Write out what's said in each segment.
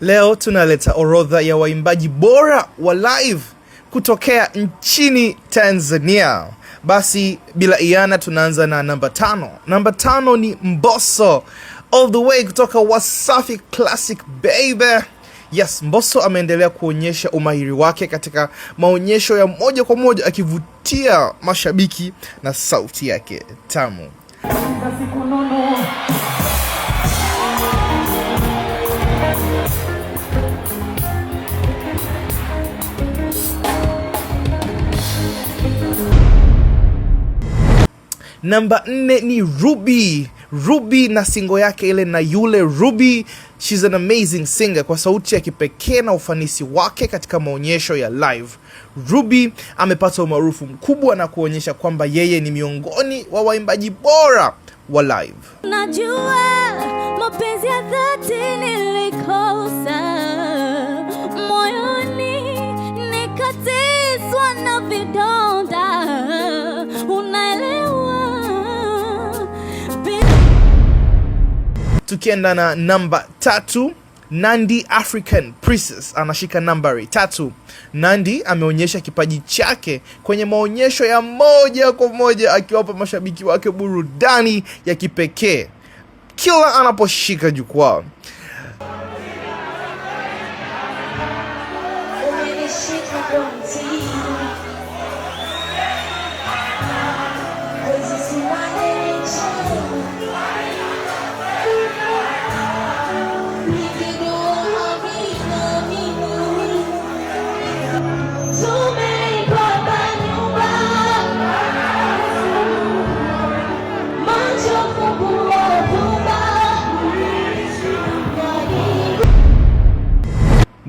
Leo tunaleta orodha ya waimbaji bora wa live kutokea nchini Tanzania. Basi bila iana, tunaanza na namba tano. Namba tano ni mboso all the way kutoka Wasafi Classic baby. Yes, mboso ameendelea kuonyesha umahiri wake katika maonyesho ya moja kwa moja akivutia mashabiki na sauti yake tamu Namba nne ni Ruby. Ruby na singo yake ile na yule. Ruby she's an amazing singer kwa sauti ya kipekee na ufanisi wake katika maonyesho ya live. Ruby amepata umaarufu mkubwa na kuonyesha kwamba yeye ni miongoni wa waimbaji bora wa live. Najua mapenzi ya dhati tukienda na namba tatu nandi African Princess anashika nambari tatu. nandi ameonyesha kipaji chake kwenye maonyesho ya moja kwa moja akiwapa mashabiki wake burudani ya kipekee kila anaposhika jukwaa.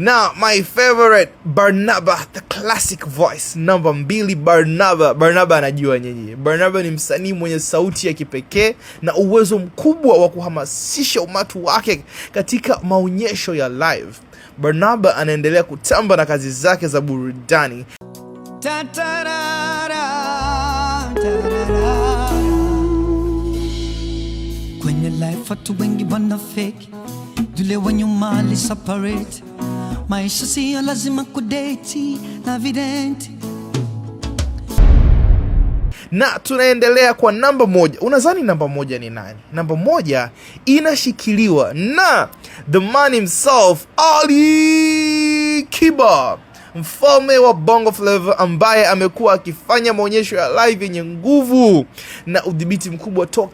Now my favorite Barnaba, the classic voice, namba mbili Barnaba. Barnaba anajua nyinyi Barnaba ni msanii mwenye sauti ya kipekee na uwezo mkubwa wa kuhamasisha umati wake katika maonyesho ya live. Barnaba anaendelea kutamba na kazi zake za burudani. Kwenye live watu wengi wanafake, dule wa nyuma Maisha siyo lazima kudeti na videnti. Na tunaendelea kwa namba moja. Unadhani namba moja ni nani? Namba moja inashikiliwa na the man himself Ali Kiba, mfalme wa Bongo Flava ambaye amekuwa akifanya maonyesho ya live yenye nguvu na udhibiti mkubwa toka